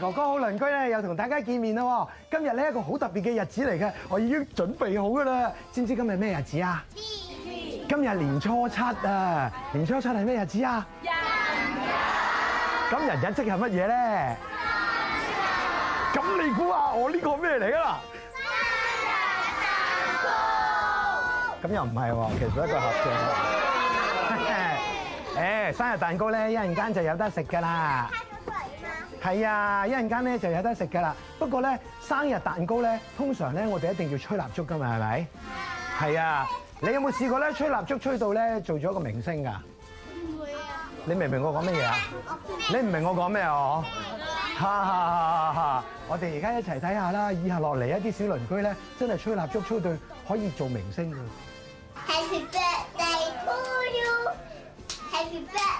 哥哥好，鄰居咧又同大家見面啦！今日咧一個好特別嘅日子嚟嘅，我已經準備好噶啦，知唔知今日咩日子啊？今日年初七啊！年初七係咩日子啊？人日即係乜嘢咧？咁你估下我呢個咩嚟㗎啦？生日蛋糕咁又唔係喎，其實一個合唱。誒，生日蛋糕咧，一陣間就有得食噶啦！係啊，一陣間咧就有得食㗎啦。不過咧，生日蛋糕咧，通常咧我哋一定要吹蠟燭㗎嘛，係咪？係啊，啊。你有冇試過咧吹蠟燭吹到咧做咗個明星㗎？唔會啊。你明唔明我講咩嘢啊？你唔明我講咩啊？我哈哈哈！我哋而家一齊睇下啦。以下落嚟一啲小鄰居咧，真係吹蠟燭吹到可以做明星㗎。Happy birthday to you. Happy Birthday.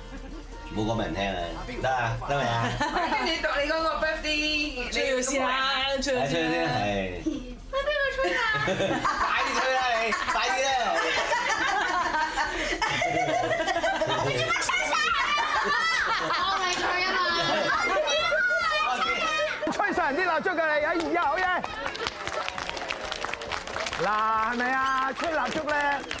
冇講俾人聽啊！得啊，得未啊？你讀你嗰個 birthday，要先，吹先，係。快啲吹啦！你，快啲啦！哈哈哈！哈哈哈！哈哈哈！你做乜吹晒啊？幫你吹啊嘛！幫你吹啊！吹晒啲蠟燭㗎，你，哎呀，好嘢！嗱係咪啊？吹蠟燭咧。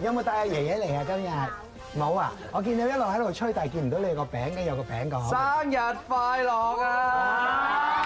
有冇帶阿爺爺嚟啊？今日冇啊！我見到一路喺度吹，但係見唔到你個餅，跟有個餅個生日快樂啊！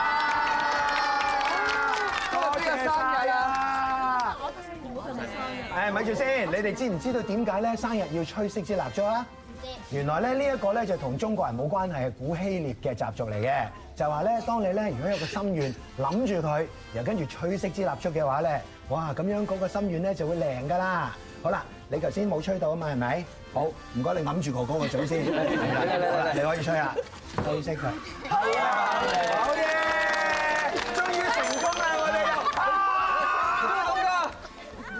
開心生日啊！我得先唔好咁衰啊！誒，咪住先，你哋知唔知道點解咧？生日要吹熄支蠟燭啊？唔知原來咧呢一個咧就同中國人冇關係，係古希臘嘅習俗嚟嘅，就話咧，當你咧如果有個心願諗住佢，然後跟住吹熄支蠟燭嘅話咧，哇咁樣嗰個心願咧就會靈噶啦。好啦，你頭先冇吹到啊嘛，係咪？好，唔該你揞住哥哥個嘴先，你可以吹啦，可以熄佢。係啊，好嘢，終於成功啦，我哋啊，成功啦，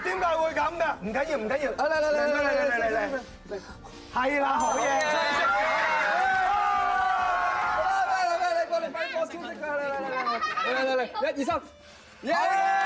點解會咁嘅？唔緊要，唔緊要，嚟嚟嚟嚟嚟嚟嚟嚟嚟，係啦，好嘢。來來來，你過嚟俾個消息啊，嚟嚟嚟嚟嚟嚟，一、二、三，耶！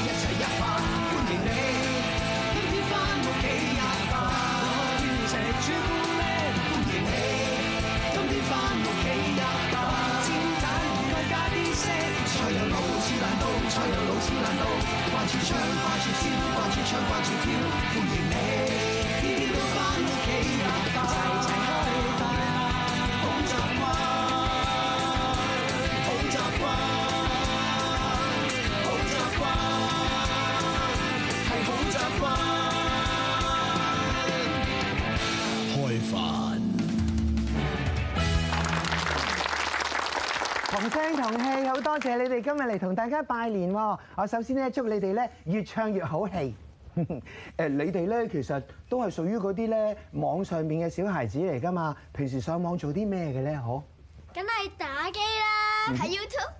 住開飯！同聲同氣，好多謝你哋今日嚟同大家拜年。我首先咧祝你哋咧越唱越好戲。誒你哋咧其實都係屬於嗰啲咧網上面嘅小孩子嚟㗎嘛，平時上網做啲咩嘅咧？嗬，梗係打機啦，睇 YouTube，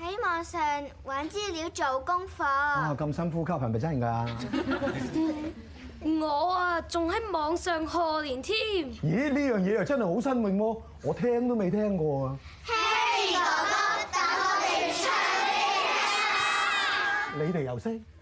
喺網上揾資料做功課。哇，咁深呼吸係咪真㗎？我啊仲喺網上賀年添。咦？呢樣嘢啊真係好新穎喎，我聽都未聽過啊！HARRY 哥哥，等我哋唱啲歌。你哋又識？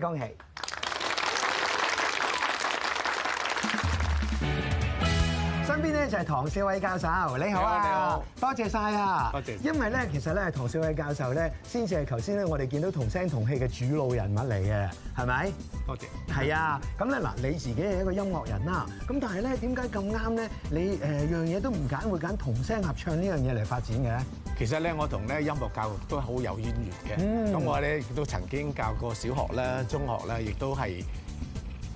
恭喜！唐少偉教授，你好啊！你好，多謝晒啊！多謝！因為咧，其實咧，唐少偉教授咧，先至係頭先咧，我哋見到同聲同氣嘅主路人物嚟嘅，係咪？多謝，多謝。係啊，咁咧嗱，你自己係一個音樂人啦，咁但係咧，點解咁啱咧？你誒樣嘢都唔揀，會揀同聲合唱呢樣嘢嚟發展嘅？其實咧，我同咧音樂教育都好有淵源嘅。咁我咧亦都曾經教過小學啦、中學啦，亦都係。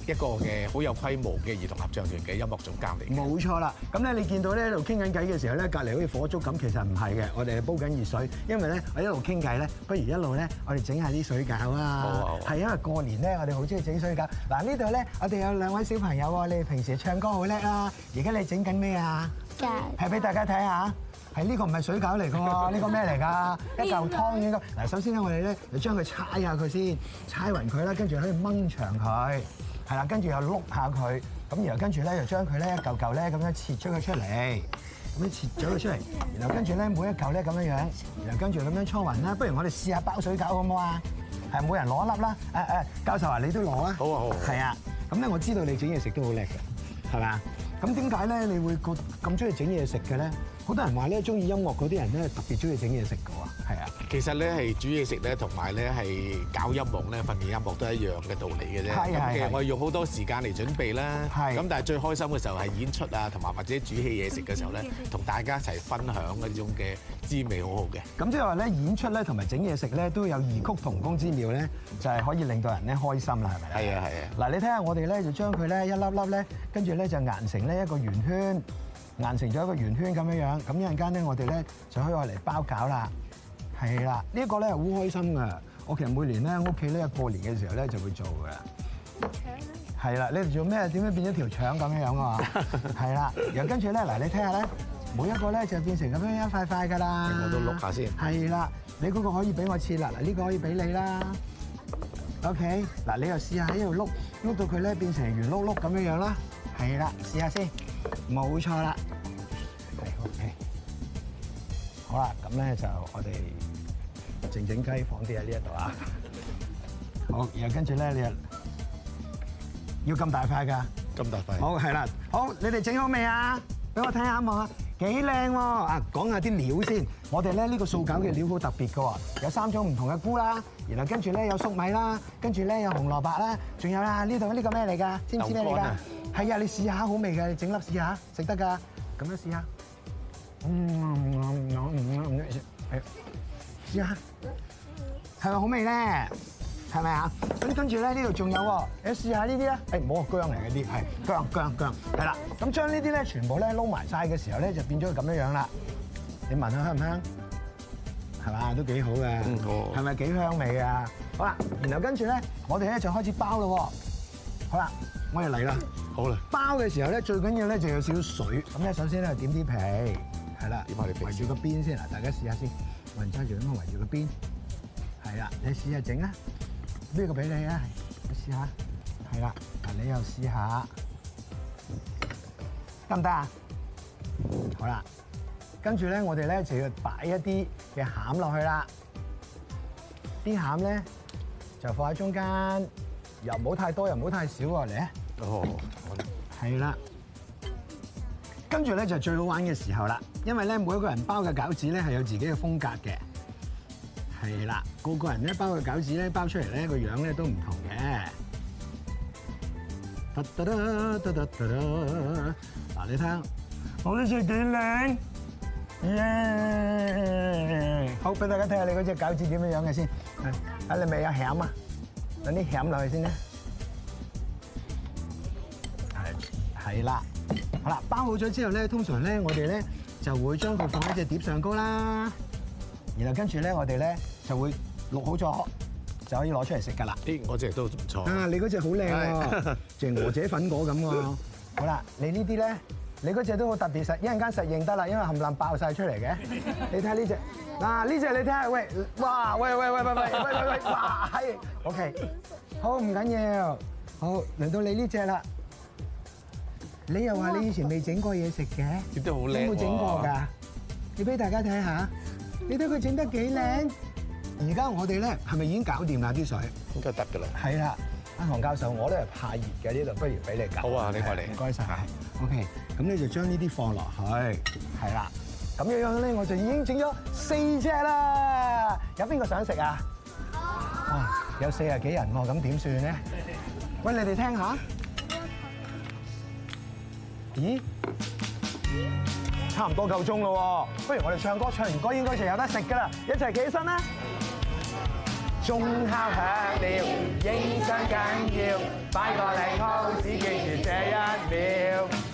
一個嘅好有規模嘅兒童合唱團嘅音樂總監嚟，冇錯啦。咁咧，你見到咧喺度傾緊偈嘅時候咧，隔離好似火燭咁，其實唔係嘅。我哋煲緊熱水，因為咧我一路傾偈咧，不如一路咧我哋整下啲水餃啊。係因為過年咧，我哋好中意整水餃。嗱，呢度咧，我哋有兩位小朋友喎。你哋平時唱歌好叻啊。而家你整緊咩啊？係俾對大家睇下，係、呢、呢個唔係水餃嚟㗎，呢、呢個咩嚟㗎？ 一嚿湯呢㗎。嗱，首先咧，我哋咧就將佢猜下佢先，猜勻佢啦，跟住可以掹長佢。係啦，跟住又碌下佢，咁然後跟住咧又將佢咧一嚿嚿咧咁樣切出佢出嚟，咁樣切咗佢出嚟，然後跟住咧每一嚿咧咁樣樣，然後跟住咁樣搓勻啦。不如我哋試下包水餃好唔好啊？係每人攞粒啦，誒、啊、誒，教授啊，你都攞啊，好啊好。係啊，咁咧我知道你整嘢食都好叻嘅，係咪啊？咁點解咧你會咁咁中意整嘢食嘅咧？好多人話咧，中意音樂嗰啲人咧，特別中意整嘢食㗎喎。係啊，其實咧係煮嘢食咧，同埋咧係搞音樂咧，訓練音樂都係一樣嘅道理嘅啫。係係的。咁其實我用好多時間嚟準備啦。係的。咁但係最開心嘅時候係演出啊，同埋或者煮起嘢食嘅時候咧，同大家一齊分享嗰種嘅滋味很好，好好嘅。咁即係話咧，演出咧同埋整嘢食咧，都有異曲同工之妙咧，就係、是、可以令到人咧開心啦，係咪啊？係啊係啊。嗱，你睇下我哋咧就將佢咧一粒粒咧，跟住咧就巖成呢一個圓圈。硬成咗一個圓圈咁樣樣，咁一陣間咧，我哋咧就可以用嚟包餃啦。係啦，呢一個咧好開心噶。我其實每年咧屋企咧過年嘅時候咧就會做嘅。腸咧？係啦，你哋做咩？點樣變咗條腸咁樣樣㗎嘛？係啦， 然後跟住咧，嗱你睇下咧，每一個咧就變成咁樣一塊塊㗎啦。我都碌下先。係啦，你嗰個可以俾我切啦。嗱、這、呢個可以俾你啦。OK，嗱你又試下喺度碌碌到佢咧變成圓碌碌咁樣樣啦。係啦，試下先。冇錯啦，係 OK，好啦，咁咧就我哋靜靜雞放啲喺呢一度啊。好，然後跟住咧你，要咁大塊噶？咁大塊。好係啦，好，你哋整好未啊？俾我睇下，望下，幾靚喎！啊，講下啲料先。我哋咧呢個素餃嘅料好特別噶，有三種唔同嘅菇啦，然後跟住咧有粟米啦，跟住咧有紅蘿卜啦，仲有啦呢度呢個咩嚟噶？知唔知咩嚟噶？係啊，你試下好味㗎，你整粒試下，食得㗎，咁樣試下。嗯，嗯，嗯，嗯，嗯，嗯，誒，試下，係咪好味咧？係咪啊？咁跟住咧，呢度仲有喎，你試下呢啲啦。誒，唔好係薑嚟嘅啲，係薑薑薑。係啦，咁將呢啲咧全部咧撈埋晒嘅時候咧，就變咗咁樣樣啦。你聞下香唔香？係嘛，都幾好㗎。嗯哦。係咪幾香味啊？好啦，然後跟住咧，我哋咧就開始包咯。好啦，我哋嚟啦。好啦，包嘅時候咧，最緊要咧就有少少水。咁咧，首先咧點啲皮，係啦，點下啲皮，圍住個邊先。嗱，大家試下先，圍住個邊，圍住個邊。係啦，你試下整啦。呢個俾你啊？你試下。係啦，嗱，你又試下，得唔得啊？好啦，跟住咧，我哋咧就要擺一啲嘅餡落去啦。啲餡咧就放喺中間。又唔好太多，又唔好太少喎。嚟咧，哦、oh, 好，係啦。跟住咧就最好玩嘅時候啦，因為咧每一個人包嘅餃子咧係有自己嘅風格嘅，係啦，個個人咧包嘅餃子咧包出嚟咧個樣咧都唔同嘅。嗱，你睇，我呢隻幾靚，耶、yeah！好，俾大家睇下你嗰隻餃子點樣樣嘅先，啊，你咪有餡啊？等啲餡落去先咧，係，係啦，好啦，包好咗之後咧，通常咧我哋咧就會將佢放喺隻碟上高啦，然後跟住咧我哋咧就會淥好咗，就可以攞出嚟食噶啦。啲我隻都唔錯，啊，你嗰隻好靚喎，正鵝仔粉果咁喎、啊。好啦，你呢啲咧？你嗰隻都好特別，實一陣間實認得啦，因為冚 𠵼 爆晒出嚟嘅。你睇下呢隻嗱，呢的隻你睇下，喂，哇，喂喂喂喂喂喂喂，哇，係，OK，好唔緊要，好，輪到你呢隻啦。你又話你以前未整過嘢食嘅？絕對好靚，都冇整過㗎。你俾大家睇下，你睇佢整得幾靚。而家我哋咧係咪已經搞掂啦啲水？應該得㗎啦。係啦，阿韓教授，我都係怕熱嘅，呢度不如俾你搞謝。好啊，你嚟，唔該晒，OK。咁你就將呢啲放落去，係啦。咁樣樣咧，我就已經整咗四隻啦。有邊個想食啊？哇！有四十幾人喎，咁點算咧？喂，你哋聽下。咦？差唔多夠鐘咯，不如我哋唱歌，唱完歌應該就有得食噶啦，一齊企起身啦！鐘敲響了，影相緊要，擺個靚 pose，記住這一秒。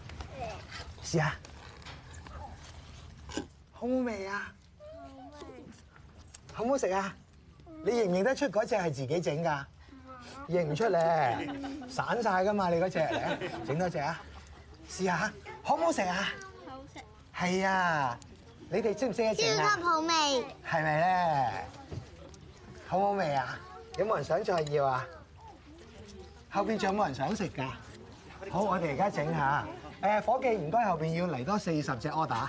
試下，好唔好味啊？好唔好食啊？你認唔認得出嗰隻係自己整噶？認唔出嚟，散晒噶嘛？你嗰隻，整多隻啊！試下，好唔好食啊？係啊，你哋中唔中意食啊？超級好味，係咪咧？好唔好味啊？有冇人想再要啊？後邊仲有冇人想食噶？好，我哋而家整下。誒夥計，唔該，後面要嚟多四十隻 order。